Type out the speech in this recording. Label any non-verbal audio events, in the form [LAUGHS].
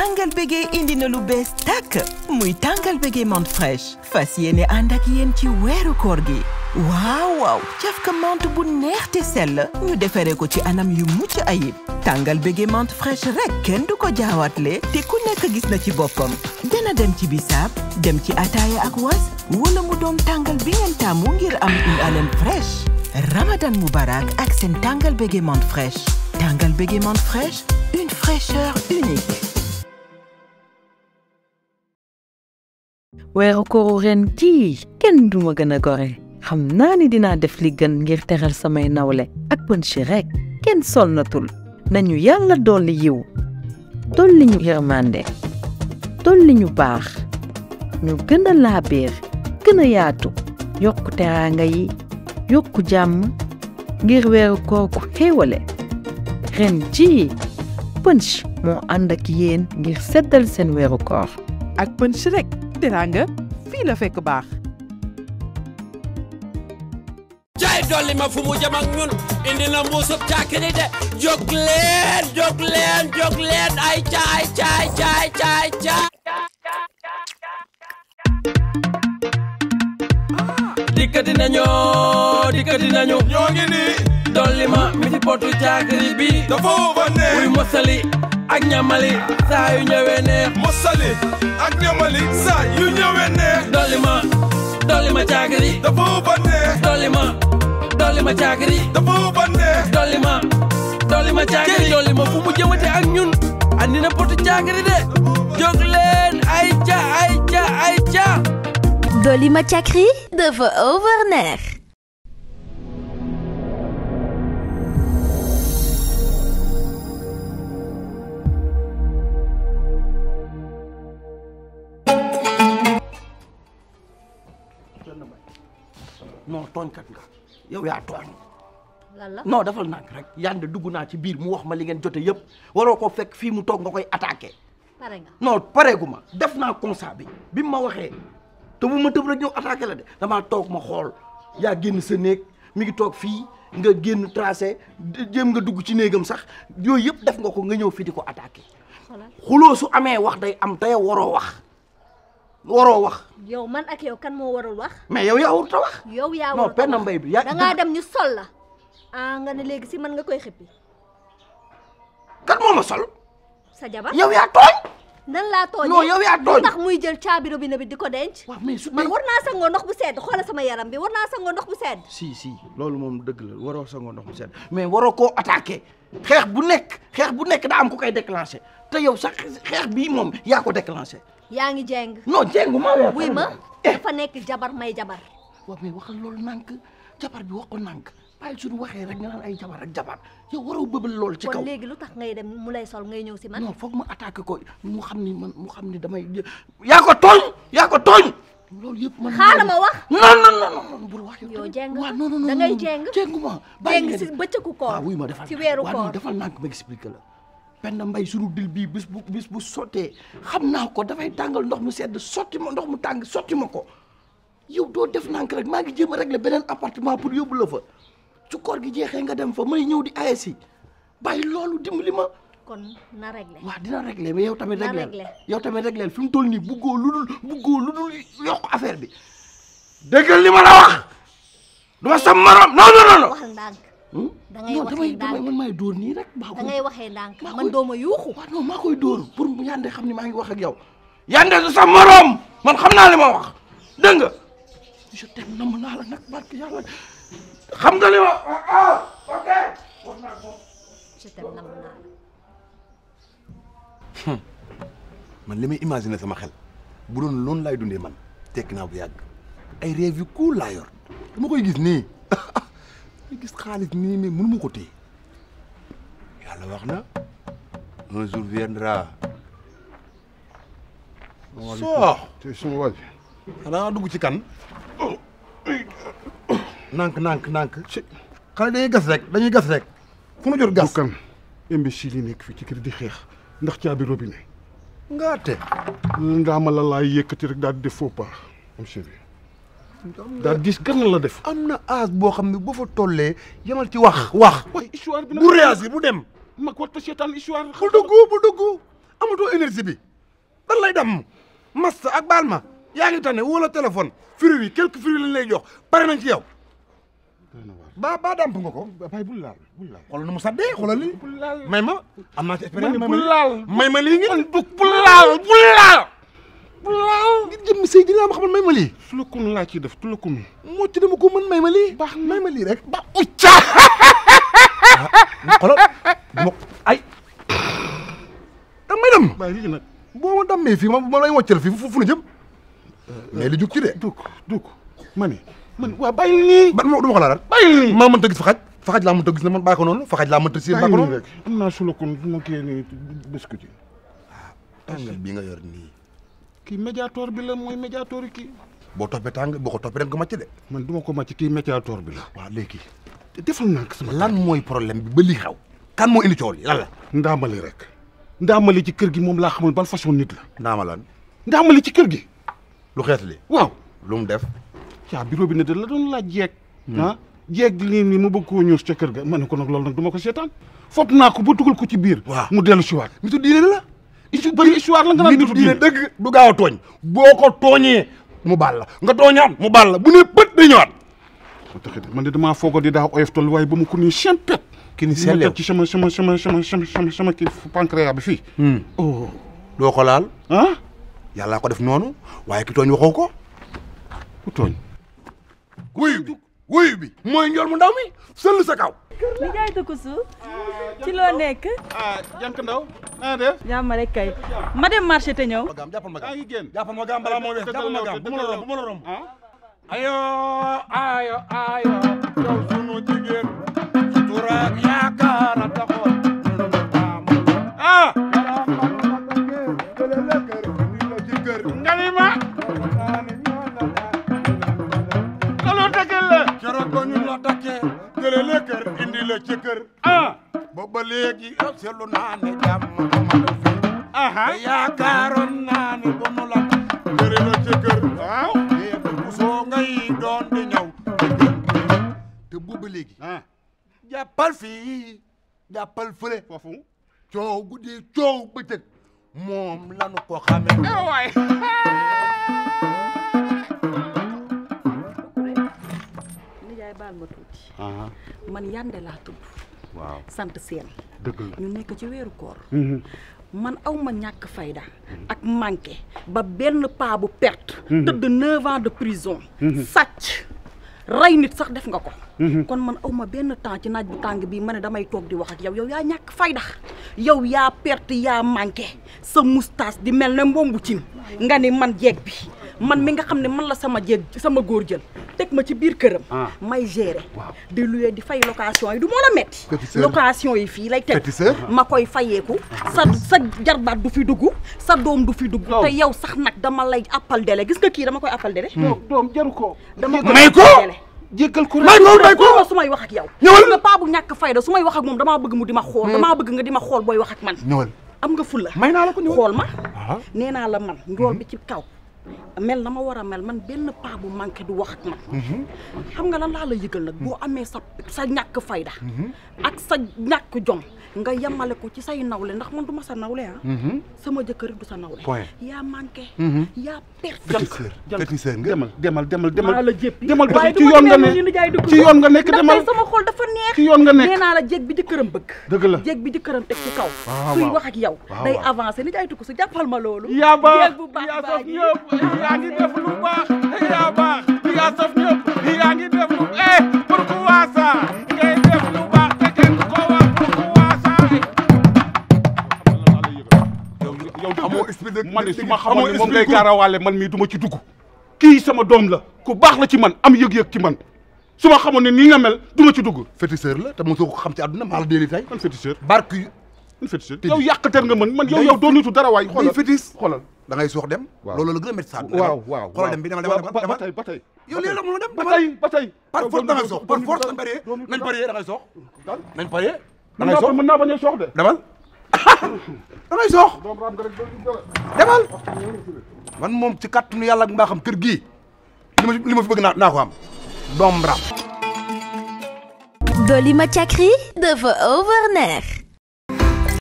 tàngal bége indi na lu bees tàkk muy tàngal bége menthe fraîche fas yéene ànd ak ci weeru koor gi waaw waaw cafka menthe bu neex te sell ñu defaree ko ci anam yu mucc ayib tàngal bége menthe fraîche rek kenn du ko jaawatle te ku nekk gis na ci boppam dana dem ci bisaab dem ci ataaya ak was wala mu doon tàngal bi ngeen tàmmu ngir am une haleine fraîche ramadan mubarak ak seen tàngal bége menthe fraîche tàngal bége menthe fraîche une fraîcheur unique weeru kooru ren jii kenn duma gën a gore xam naa ni dina def li gën ngir teral samay nawle ak Punch rek kenn solnatul nañu yàlla dolli yiw dolli ñu yërmande dolli ñu baax ñu gën a laabiir gën a yaatu yokku teraanga yokku jàmm ngir weeru koor ku xéewale ren jii Punch moo ànd ak yéen ngir seddal seen weeru koor ak Punch rek teraanga fii la fekk baax. jaay dolli ma fu mu jëm ak ñun indi na mbuusub caakiri de jóg leen jóg leen jóg leen ay caay caay caay caay caay. dikkati nañoo dikkati nañu. ñoo ngi nii. dolli ma mi ci potu caakiri bi. dafa woon ne. muy mosali. ak ñamali saa yu ñëwee neex mosali ak ñamali saa yu ñëwee neex dolli ma dolli ma caakiri dafa ba dolli ma dolli ma caakiri dolli ma fu mu jëmate ak ñun andi na potu de jóg ay ca ay ca ay ca dolli ma caakiri dafa over neex tooñkat nga yow yaa tooñ. lan la non dafal nag rek yande dugg naa ci biir mu wax ma li ngeen jote yëpp waroo ko fekk fii mu toog nga koy attaqué. pare nga non pareegu ma def naa constat bi bi ma waxee te ma tëb rek ñëw attaqué la de damaa toog ma xool yaa génn sa néeg mi ngi toog fii nga génn tracé jéem nga dugg ci néegam sax yooyu yëpp def nga ko nga ñëw fii di ko attaque xuloo su amee wax day am tey waroo wax. waroo wax. yow man ak yow kan moo warul wax. mais yow yaa warut a wax. yow yaa warut a wax non benn mbay bi yaa. da dem ñu sol la. ah nga ne léegi si man nga koy xippi. kan moo ma sol. sa jabar yow yaa tooñ. nan laa tooñee non yow yaa tooñ ndax muy jël caabi robinet bi di ko denc. waaw mais su man war naa sangoo ndox bu sedd xoolal sama yaram bi war naa sangoo ndox bu sedd. si si loolu moom dëgg la waroo sangoo ndox bu sedd mais waroo koo attaqué xeex bu nekk xeex bu nekk daa am ku koy déclenché te yow sax xeex bii moom yaa ko déclenché. yaa ngi jeng. non jengu ma weer. wuy ma eh. dafa nekk jabar may jabar. waaw wax waxal loolu nànk jabar bi wax ko nànk bàyyi suñu waxee rek nga naan ay jabar ak jabar yow waroo bëbal loolu ci kaw. kon léegi lu tax ngay dem mu lay sol ngay ñëw si man. non foog ma attaqué ko mu xam ni man mu xam ni damay yaa ko tooñ yaa ko tooñ. loolu yëpp ma wax. non non non non bul wax yow jeng waaw non non non da ngay jeng. jeng ma bàyyi jeng si bëccëgu koor. waaw ah, wuy ma defal ci weeru koor waaw defal nànk ma expliqué la. Penda mbay sunu dil bii bis bu bis bu sottee xam naa ko dafay tàngal ndox mu sedd sotti ma ndox mu tàng sotti ma ko yow doo def nank rek maa ngi jéem a régler beneen appartement pour yóbbu la fa su koor gi jeexee nga dem fa may ñëw di ayesi bàyyi loolu dimbali ma. kon na réglé. waaw dina réglé mais yow tamit. réglé yow tamit réglé fi mu toll nii buggoo ludul buggoo dul yokk affaire bi déggal li ma la wax. du ma sa morom non non Hmm? da ngay waxee ndànk non damay man maay dóor nii rek. maa koy da ngay waxee yuuxu. waaw non maa koy dóor pour Yandé xam ne maa ngi wax ak yow. Yandé du sa morom man xam naa li ma wax dégg nga. je t'aime namm naa la nag barke yàlla xam nga li wax ah, ah, hmm. man li may sama xel bu doon loolu laay dundee man tekki naa bu yàgg ay rêve yu cool laa yor koy gis nii. [LAUGHS] di gis xaalis nii nii mënu ko téye yàlla wax na soo tey suma waay. xanaa dugg ci kan. nànk nànk nànk. xale dañuy gas rek dañuy gas rek fu nu jot gas. du kan imbécile yi nekk fii ci kër di xeex ndax caabi robinet. ngaa la laay yëkkati rek daal di def faux pas daal diis gan la def. am na âge boo xam ne boo fa tollee yamal ci wax wax. waaye histoire bi bu réagir bu dem. ma ko te seetaan histoire. bu dugg bu dugg amatoo énergie bi dan lay dem massa ak baal ma yaa ngi tane wala téléphone fruits yi quelques fruits lañ lay jox pare nañ ci yow. ba ba damp nga ko. waaw bul bul laal xoolal mu saddee xoolal may ma am naa ci expérience. laal may ma lii ngeen. bul laal bul laal bul laal. yow Seydina Muhammad may ma lii. tulukunu laa ciy def tulukunu. moo ci dama ko mën may ma lii. baax may ma lii rek ba ucca. ah xoolal ma ay. damay dem. waaye léegi nag boo ma dammee fii ma ma lay wàccal fii fu fu ñu jëm. mais li jug ci de. dugg dugg ma ne. man waa bàyyi lii. ban ma du ma ko laalaat. bàyyi lii maa mënta gis fa xaj. fa xaj laa mënta gis na man bàyyi ko noonu fa xaj laa mënta. bàyyi lii rek am naa sulukunu du ma kii ah, nii nga yor nii. kii médiateur bi la mooy médiateur kii. boo toppee tàng boo ko toppee da nga ko màcc de. man du ma ko màcc kii médiateur bi la. waaw léegi. defal naa ko sama lan mooy problème bi ba lii xaw. kan moo indi coow li lan la. ndaamali rek. ndaamali ci kër gi moom laa xamoon ban façon nit la. ndaama lan. ndaamali ci kër gi. lu xeet li waaw lu mu def. yaa bureau bi ne de la doon laaj jeeg. ah jeeg lii nii mu bëgg koo ñëw ca kër ga ma ne ko nag loolu nag du ma ko seetaan. foog naa ko ba dugal ko ci biir. mu dellu si waat nitu diine la. isu bëri histoire la nga naan nitu diine gaaw a tooñ boo ko tooñee mu baal la nga tooñaat mu baal la bu ne bët day ñëwaat moo tax man de di daa oyof tol waaye ba mu ko nii champet ki ni sellew ci sama sama sama sama sama sama kii pancréas bi fii hmm. oh doo ko laal ah yàllaa ko def noonu waaye ki tooñ waxoo ko ku tooñ kuy wuyu bi mooy njool mu ndaw mi sëll sa kaw. li jaay dëkk suuf ci loo nekk. ah jànk ndaw na def. jàmm marché te ñëw. jàppal ma gàmm jàppal ma gàmm balaa moo bu ma bu ma la la ci kër ah booba léegi seetlu naa ne jàmm amatu fi aha yaakaaroon naa ne bu mu la jëri la ci kër waaw bu soo doon di ñëw te booba léegi ah. jàppal fii jàppal fële foofu coow guddi coow bëccëg moom lanu ko xamee eh waay [LAUGHS] ma tuuti. man Yande laa tudd. waaw sant seen. dëgg ñu nekk ci weeru koor. Mhm. man aw ma ñàkk fayda. Mhm. ak manqué ba benn paa bu perte. Mhm. tëdd neuf ans de prison. sàcc rey nit sax def nga ko. kon man aw ma benn temps ci naaj bu tàng bi ma ne damay toog di wax ak yow yow yaa ñàkk fayda yow yaa perte yaa manqué sa moustache di mel ne mbombu cin nga ni man jeeg bi. man mi nga xam ne man la sama jéeg sama góor jël teg ma ci biir këram ah. may gérer di luye di fay location yi du moo la metti location yi fii lay teg ah. ma koy fayeeku sa sa jarbaat du fi dugg sa doom du fi dugg oh. te yow sax nag dama lay appal délai gis nga kii dama koy appal délai hmm. doom jaru ko dama may ko jéggal ko may ko may ko su may wax ak yow ñëwal nga paa bu fay fayda su may wax ak moom damaa bëgg mu di ma xool hmm. damaa bëgg nga di ma xool booy wax ak man ñëwal am nga fulla may naa la ko xool ma nee naa la man njool bi ci kaw mel na ma war a mel man benn paa bu manqué du wax ak man mhm. xam nga lan laa la yëgal nag boo amee sa sa ñàkk fayda mhm. ak sa ñàkk jom nga yemale ko ci say nawle ndax man du ma sa nawle ah. Mhm. sama jëkkër du sa nawle. point yaa manqué. Mhm. yaa perte. féticheur féticheur nga demal demal demal demal. maa la jéppi demal parce que ci yoon nga nekk ci yoon nga nekk demal sama xol dafa neex. ci yoon nga nekk nee naa la jéeg bi jëkkëram bëgg. dëgg la jéeg bi jëkkëram teg ci kaw. suy wax ak yow. day avancé ni jaay dugg si jàppal ma loolu. yaa ba yaa soog ñëpp yaa ngi def lu baax. ma ne su ma xamoon ne moom ngay gaarawaale man mii du ma ci kii sama doom la ku baax la ci man am yëg-yëg ci man su ma xamoon ne nii nga mel du ma ci dugg féticheur la te mosoo ko xam ci àdduna maa la déeli tay man féticheur barke man féticheur yow yàqateer nga mën man yow yow doo dara waay xoolal fétis xoolal da ngay a waaw waaw xoolal dem bi dama dama ba tey yow léegi la mën a dem ba tey ba tey par force da ngay soox par force nañ parier nañ parier da ngay soox nañ parier da ngay soox mën naa bañ a soox de demal damay soox demal man moom ci kàttanu yàlla ak mbaaxam kër gii li ma li ma fi bëgg naa naa ko am doom raam. Dolima Cakri dafa over neex